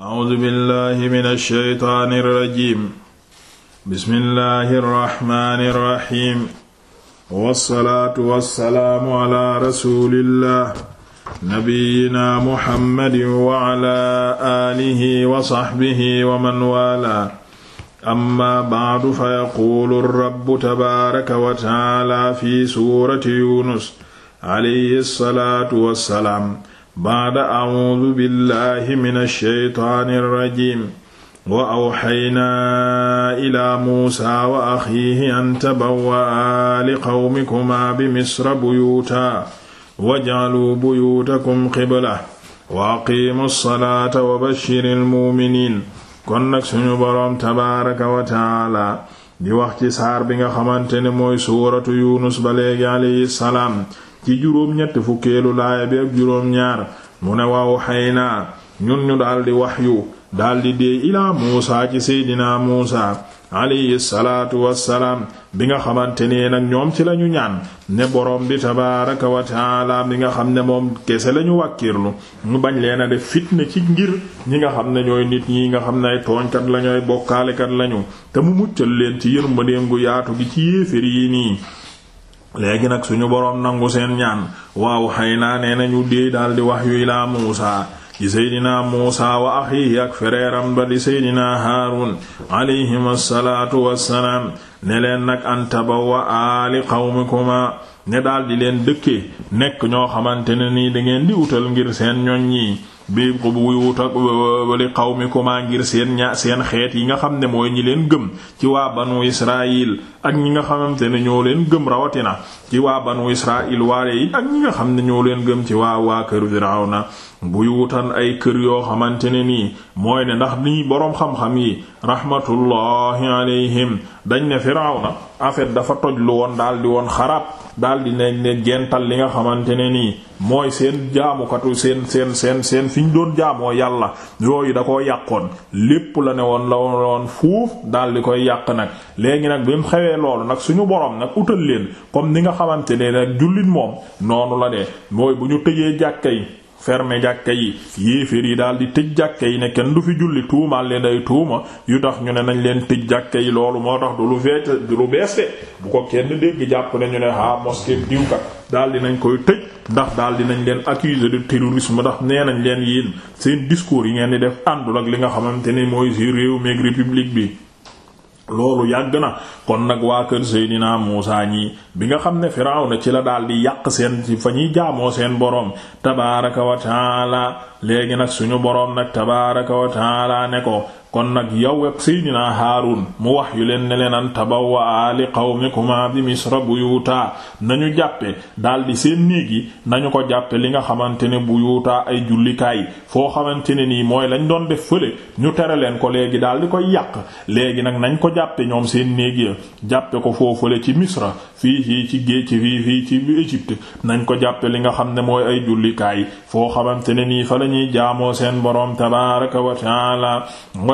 A'uuzu billaahi mina shaytaani rajiim. Bismillaahi rahmaani rahiim. Wassalaatu wassalaamu alaa rasuulillaah nabiyyinaa Muhammadin wa alaa aalihi wa sahbihi wa man waalaa. Amma ba'du fa yaquulu rabbu tabaaraka wa ta'aalaa fi suurati Yuunus alayhi salaatu wassalaam baada audu billahi min alsheytaani alrajim wa awxaynaa ila muusa wa axiihi an tabawwa'aa liqawmikumaa bimisra buyuutaa waj'aluu buyuutakum qibla wa aqiimu salaata wa bashiri almuuminiin kon nag suñu boroom tabaaraka wa taala di wax ci saar bi nga xamante ne mooy suuratu yunus ba léegi alayhi salaam ci juróom ñett fukkeelu laaya bi ak juróom ñaar mu ne waaw xay naa ñun ñu daldi waxyu daldi dee ilaa muusa ci seydinaa muusa alayhi salaatu wassalaam bi nga xamante ne nag ñoom ci lañu ñaan ne borom bi tabaaraka wa taala nga xam ne moom kese lañu wàkkirlu ñu bañ leen a def fitna ci ngir ñi nga xam ne ñooy nit ñi nga xam ne ay tooñkat lañu ay bokkaalekat lañu te mu muccal leen ci yërmandeem gu yaatu gi ci yéeféer yi nii léegi nag suñu boroom nangu seen ñaan waaw xëy naa nee nañu déey daal di wax yu ilaa Muusaa di seydinaa Muusaa wa axiihi ak fereeram ba di seydinaa Haarun alayhim assalaatu wassalaam ne leen nag antabawa aali ma ne daal di leen dëkke nekk ñoo xamante ne nii da ngeen di wutal ngir seen ñoñ ñi bi buy wutak li qawmikumaa ngir seen ña seen xeet yi nga xam ne mooy ñi leen gëm ci waa banu israil ak ñi nga xamante ne ñoo leen gëm rawatina ci waa banu israil waare yi ak ñi nga xam ne ñoo leen gëm ci waa waa kër na buy wutan ay kër yoo xamante ne nii mooy ne ndax nii boroom xam-xam yi rahmatullahi alayhim dañ ne Firawna en fait dafa tojlu woon daal di woon xarab dal di ne ne li nga xamante ne nii mooy seen jaamukatu seen seen seen seen fi ñu doon jaamoo yàlla yi da ko yàqoon lépp la ne woon la woon fuuf dal di koy yàq nag léegi nag bi mu xewee loolu nag suñu borom nag utal leen comme li nga xamante ne nag jullit moom noonu la de mooy bu ñu tëjee jàkka yi fermer jàkka yi yéeféer yi daal di tëj jàkka yi ne kenn du fi julli tuumaal leen ay tuuma yu tax ñu ne nañ leen tëj jàkka yi loolu moo tax du lu veet du lu bees de bu ko kenn dégg jàpp ne ñu ne ah mosquée diwkat daal nañ koy tëj ndax daal di nañ leen accuser de terrorisme ndax nee nañ leen yéen seen discours yi ngeen di def àndul ak li nga xamante ni mooy si réew meeg république bi. loolu yàgg na kon nag waa kër Seydina Muusa ñi bi nga xam ne Firawna ci la daal di yàq seen ci fa ñuy jaamoo seen boroom tabaaraka wa taala léegi nag suñu boroom nag tabaaraka wa taala ne ko kon nag yow ak seydinaa haarun mu wax yu leen ne leen an tabawwa li qawmikuma bi misra buyuta nañu jàppee jàppe di seen néeg yi nañu ko jàppee li nga xamante ne buyuta ay jullikaay foo xamante ne nii mooy lañ doon def fële ñu tere leen ko léegi di koy yàq léegi nag nañ ko jàppee ñoom seen néeg yi jàppe ko foo fële ci misra fii fii ci géej fii fii ci Égypte nañ ko jàppee li nga xam ne mooy ay jullikaay foo xamante ne nii fa lañuy jaamoo seen boroom tabaaraka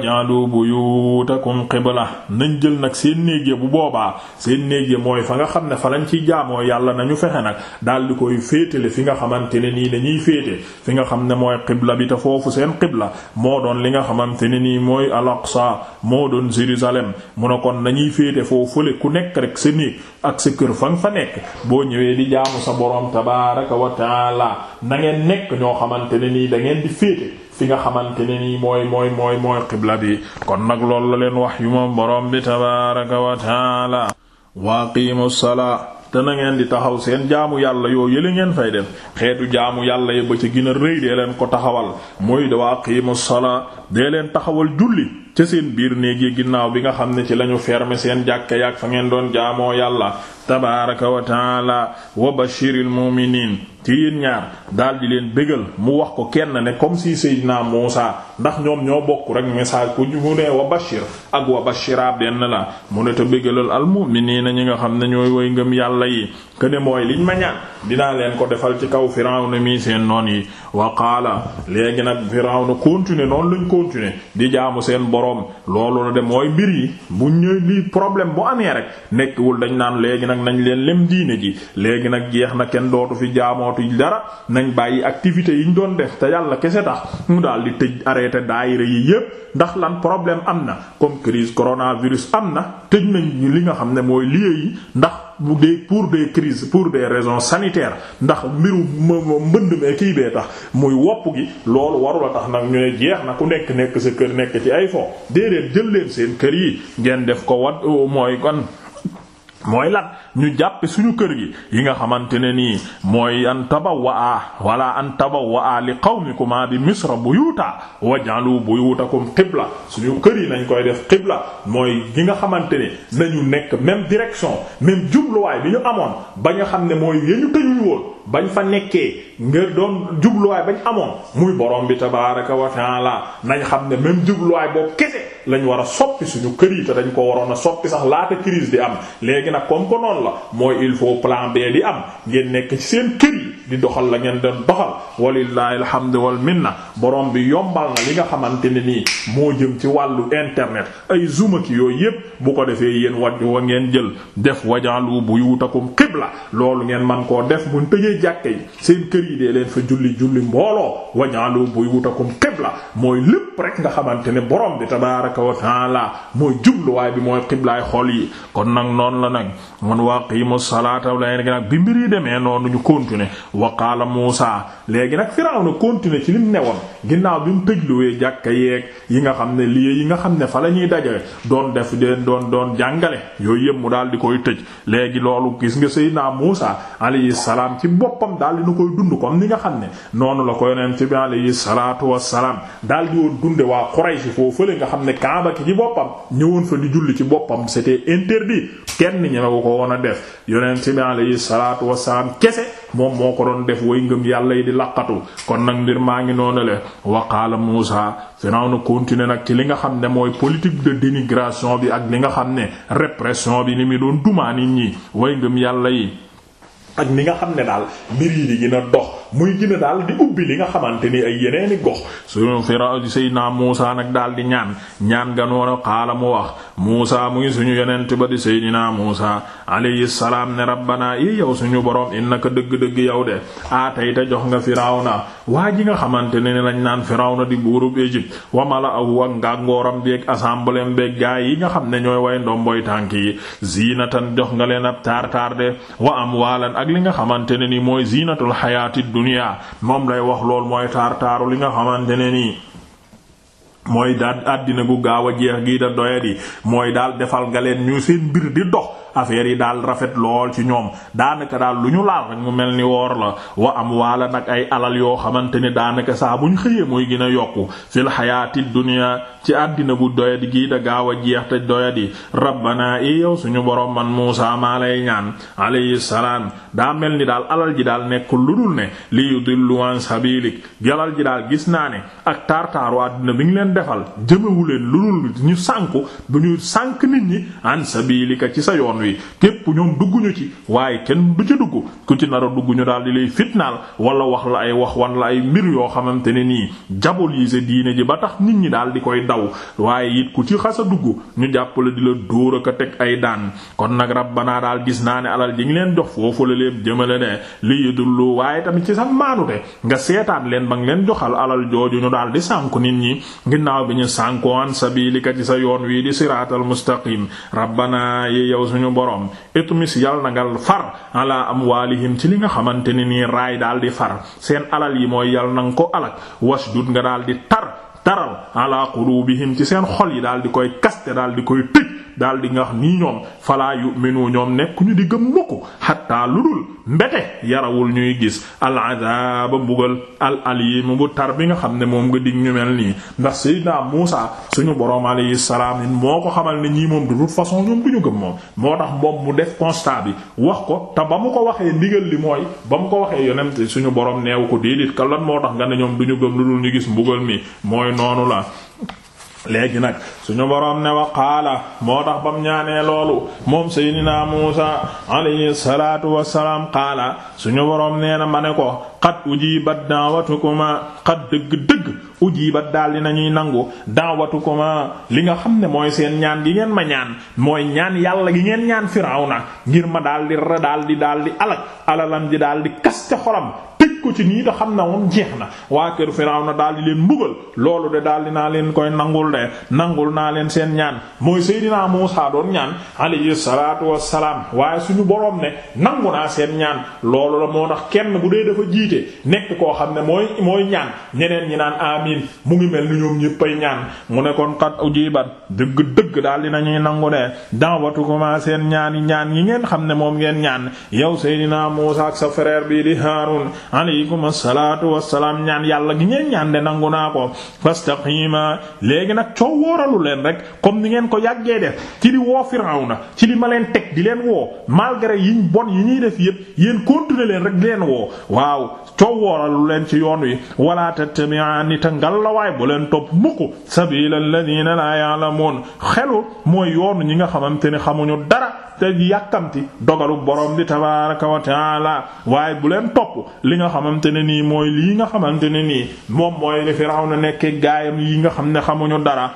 waj'alu buyutakum qibla nañ jël nag seen néeg ya bu boobaa seen néeg ya mooy fa nga xam ne fa lañ ciy jaamoo yàlla na ñu fexe nag daal di koy féetale fi nga xamante ne nii dañuy féete fi nga xam ne mooy qibla bi te foofu seen qibla moo doon li nga xamante ne nii mooy al-Aqsa moo doon Jérusalem mu ne kon nañuy féete foofu le ku nekk rek sa néeg ak sa kër fa nga fa nekk boo ñëwee di jaamu sa boroom tabaaraka wa taala na ngeen nekk ñoo xamante ne nii da ngeen di féete fi nga xamante ne nii mooy mooy mooy mooy xibla bi kon nag loolu la leen wax yu moom boroom bi tabaaraka wa taala waaqiimu salaa te na ngeen di taxaw seen jaamu yàlla yoo yële ngeen fay def xeetu jaamu yàlla ya ba ca gën a rëy dee leen ko taxawal mooy da waaqiimu salaa dee leen taxawal julli ca seen biir néeg yi ginnaaw bi nga xam ne ci lañu fermer seen jàkke yaak fa ngeen doon jaamoo yàlla tabaaraka wa taala wa bashiril mu'miniin ci yéen ñaar daal leen bégal mu wax ko kenn ne comme si Seydina Muusa ndax ñoom ñoo bokk rek message ku mu ne wa bashir ak wa bashira benn la mu ne te bégalal al mu'minina ñi nga xam ne ñooy woy ngëm yàlla yi que ne mooy liñ ma ñaan dinaa leen ko defal ci kaw Firawna mii seen noon yi wa qaala léegi nag Firawna continuer noonu lañ continé di jaamu seen boroom loolu la de mooy mbir yi bu ñëw lii problème bu amee rek nekkwul dañ naan léegi nag nañ defatuñ dara nañ bàyyi activités yi ñu doon def te yàlla kese tax mu daal di tëj arrêté daayira yi yépp ndax lan problème am na comme crise coronavirus am na tëj nañ li nga xam ne mooy lieu yi ndax bu dee pour des crises pour des raisons sanitaires ndax mbiru mbënd mee kii bee tax muy wopp gi loolu warula tax nag ñu ne jeex na ku nekk nekk sa kër nekk ci ay fo déedéet jël leen seen kër yi ngeen def ko wat mooy kon mooy lan ñu jàppe suñu kër gi yi nga xamante ne nii mooy an tabawwaa wala an tabawwaa li qawmikuma bi misra buyuta waj'alu buyutakum qibla suñu kër yi nañ koy def qibla mooy gi nga xamante ne nañu nekk même direction même jubluwaay bi ñu amoon ba nga xam ne mooy yeñu tëjuñ woon bañ fa nekkee ngir doon jubluwaay bañ amoon muy borom bi tabaaraka wa taala nañ xam ne même jubluwaay boobu kese lañ war a soppi suñu kër yi te dañ ko waroon a soppi sax laata crise di am léegi nag comme ko noonu la mooy il faut plan B di am ngeen nekk ci seen kër di doxal la ngeen doon doxal walillahi alhamdu wal minna borom bi yombal na li nga xamante ne nii moo jëm ci wàllu internet ay zoom ki yooyu yépp bu ko defee yéen waj wa ngeen jël def wajalu buyutakum qibla loolu ngeen man seen yi seen kër yi dee leen fa julli julli mbooloo wañaaloo buy wutakum xibla mooy lépp rek nga xamante ne borom bi tabaaraka wa taala mooy jubluwaay bi mooy xiblaay xol yi kon nag noonu la nag man wa aqiimu salaata léegi nag bi mbir yi demee noonu ñu continuer wa qaala Muusaa léegi nag Firawna continuer ci lim newoon ginnaaw bi mu tëjluwee jàkka yeeg yi nga xam ne lii yi nga xam ne fa la ñuy daje doon def doon doon jàngale yooyu yëpp mu daal di koy tëj léegi loolu gis nga Seydina Muusaa alayhi salaam ci boppam daal di na koy dund comme li nga xam ne noonu la ko yonent bi alayhi salaatu wa salaam daal di woon dunde waa Quraysh foo fële nga xam ne Kaaba ki ci boppam ñëwoon fa di julli ci boppam c'était interdit kenn ñeme ko ko a def yonent bi alayhi salaatu wassalaam kese moom moo ko doon def way ngëm yàlla yi di laqatu kon nag mbir maa ngi noonu le waqaala Muusa Firawna continuer nag ci li nga xam ne mooy politique de dénigration bi ak li nga xam ne répression bi ni mi doon dumaa nit ñi way ngëm yàlla yi ak ni nga xam ne daal mbir yi di gën dox muy gën daal di ubbi li nga xamante ni ay yeneeni gox suñu firaw sayyidina Muusa nag daal di ñaan ñaan nga noonu xaala mu wax Muusa muy suñu yonent ba di sayyidina Muusa alayhi salaam ne rabbana i yow suñu borom innaka dëgg-dëgg yow de aatayta jox nga firawna waa ji nga xamante ne ne lañ naan firawna di buurub Égypte wa mala'ahu ak ngàngooram bi ak assemblée bi gaay yi nga xam ne ñooy way ndomboy tànk yi zinatan jox nga leen ab taar taar de wa amwalan ak li nga xamante ne ni mooy zinatul hayatid dunya moom lay wax lool mooy taar taaru li nga xamante ne nii mooy daal àddina gu gaaw a jeex gii da doyadi mooy daal defal nga leen ñu seen mbir di dox affaire yi daal rafet lool ci ñoom daanaka daal lu ñu laal rek mu mel ni woor la wa am waala nag ay alal yoo xamante ne daanaka saa buñ xëyee mooy gën a yokku fil xayaati dunya ci àddina bu doyadi gii da gaaw a jeex te doyadi rabbana i yow suñu borom man Muusa maa lay ñaan alayhi salaam daa mel ni daal alal ji daal nekk lu dul ne li yudillu an sabilik galal ji daal gis naa ne ak tartaaru àddina bi ngi leen defal jëmewu leen lu dul ñu sànku bu ñu ci sa yoon wi képp ñoom dugguñu ci waaye kenn du ci dugg ku ci nar a dugg ñu daal di lay fitnaal wala wax la ay wax wan la ay mbir yoo xamante ne nii diaboliser diine ji ba tax nit ñi daal di koy daw waaye it ku ci xasa dugg ñu jàppale di la dóor ak a teg ay daan kon nag rabbanaa daal gis naa ne alal ji ngi leen jox foofu la leen jëmale ne li dullu waaye tamit ci sa maanute nga seetaan leen ba nga leen joxal alal jooju ñu daal di sànku nit ñi ginnaaw bi ñu sànkoon sabilika ci sa yoon wi di siraatal suñu boroom itmis yal na nga far ala amwaalihim ci li nga xamante ni nii raay daal di far seen alal yi mooy yal na ko ko alak wasdud nga daal di tar taral ala qulubihim ci seen xol yi daal di koy kaste daal di koy tëj daal di nga wax nii ñoom falaa yu'minu ñoom nekkuñu di gëm mukk xatta lu dul mbete yarawul ñuy gis al adaaba mbugal al aliim bu tar bi nga xam ne moom nga dig ñu mel nii ndax sayyidina Muusa suñu boroom alayhi salaam moo ko xamal ne ñii moom de toute façon ñoom du gëm moom moo tax moom mu def constat bi wax ko te ba mu ko waxee ndigal li mooy ba mu ko waxee yonent suñu boroom neewu ko déedéet ka moo tax nga ne ñoom du ñu gëm lu dul ñu gis mbugal mi mooy noonu la léegi nag suñu boroom ne wa qaala moo tax bam ñaanee loolu moom seydinaa muusa alayhi salaatu wassalaam qaala suñu boroom nee na ma ne ko qad ko ma qad dëgg-dëgg ujibat daal di nañuy nangu daawatu ko ma li nga xam ne mooy seen ñaan gi ngeen ma ñaan mooy ñaan yàlla gi ngeen ñaan na ngir ma daal di ra daal di daal di alak alalam ji daal di kaste xolam tëj ko ci nii te xam na moom jeex na waa kër Firawna daal di leen mbugal loolu de daal di naa leen koy nangul de nangul naa leen seen ñaan mooy Seydina Muusaa doon ñaan alayhi salaatu wassalaam waaye suñu boroom nangu naa seen ñaan loolu kenn bu dee dafa jiite nekk koo xam ne mooy mooy ñaan ñeneen ñi naan amiin mu ngi mel ni ñaan mu ne kon qad ujibat dëgg dëgg daal di nañuy nangu de da'watukuma seen ñaani ñaan yi ngeen xam ne moom ngeen ñaan yow Seydina Muusaa aleykum assalaatu wassalaam ñaan yàlla gi ngeen ñaan de nangu naa ko fastaqima léegi nag coow wooralu leen rek comme ni ngeen ko yàggee def ci di woo Firawna ci li ma leen teg di leen woo malgré yiñ bon yi ñuy def yépp yéen continuer leen rek di leen woo waaw coow wooralu leen ci yoon wi wala tattabi'ani ta ngal la waay bu leen topp mukk sabiilal ladiina la ya'lamuun xelu mooy yoonu ñi nga xamante ne xamuñu dara te yàkkamti dogalu borom bi tabaaraka wa taala waaye bu leen topp li nga xamante ne nii mooy lii nga xamante ne nii moom mooy li na nekkee gaayam yi nga xam ne xamuñu dara.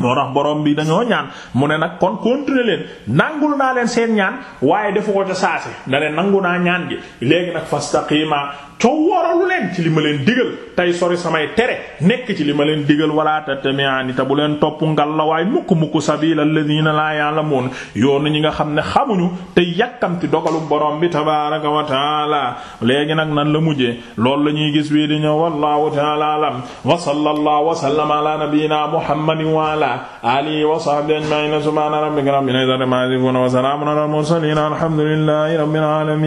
moo tax borom bi dañoo ñaan mu ne nag kon continuer leen nangul naa leen seen ñaan waaye defu ko ca saase na leen nangu naa ñaan gi léegi nag fastaqima coow waralu leen ci li ma leen digal tey sori samay tere nekk ci li ma leen digal wala tattabi'ani ta bu leen topp ngal la mukk mukk sabila alladhina la ya'lamun yoonu ñi nga xam ne xamuñu te yàkkamti dogalu borom bi tabaaraka wa taala léegi nag nan la mujjee loolu la ñuy gis wi di ñëw wallahu taala alam wa sallallahu wa sallama ala nabiyyina muhammadin wa ala alihi wa sahbihi ajma'in subhana rabbika rabbil izzati amma yasifun wa salamun ala al mursalin alhamdulillahi rabbil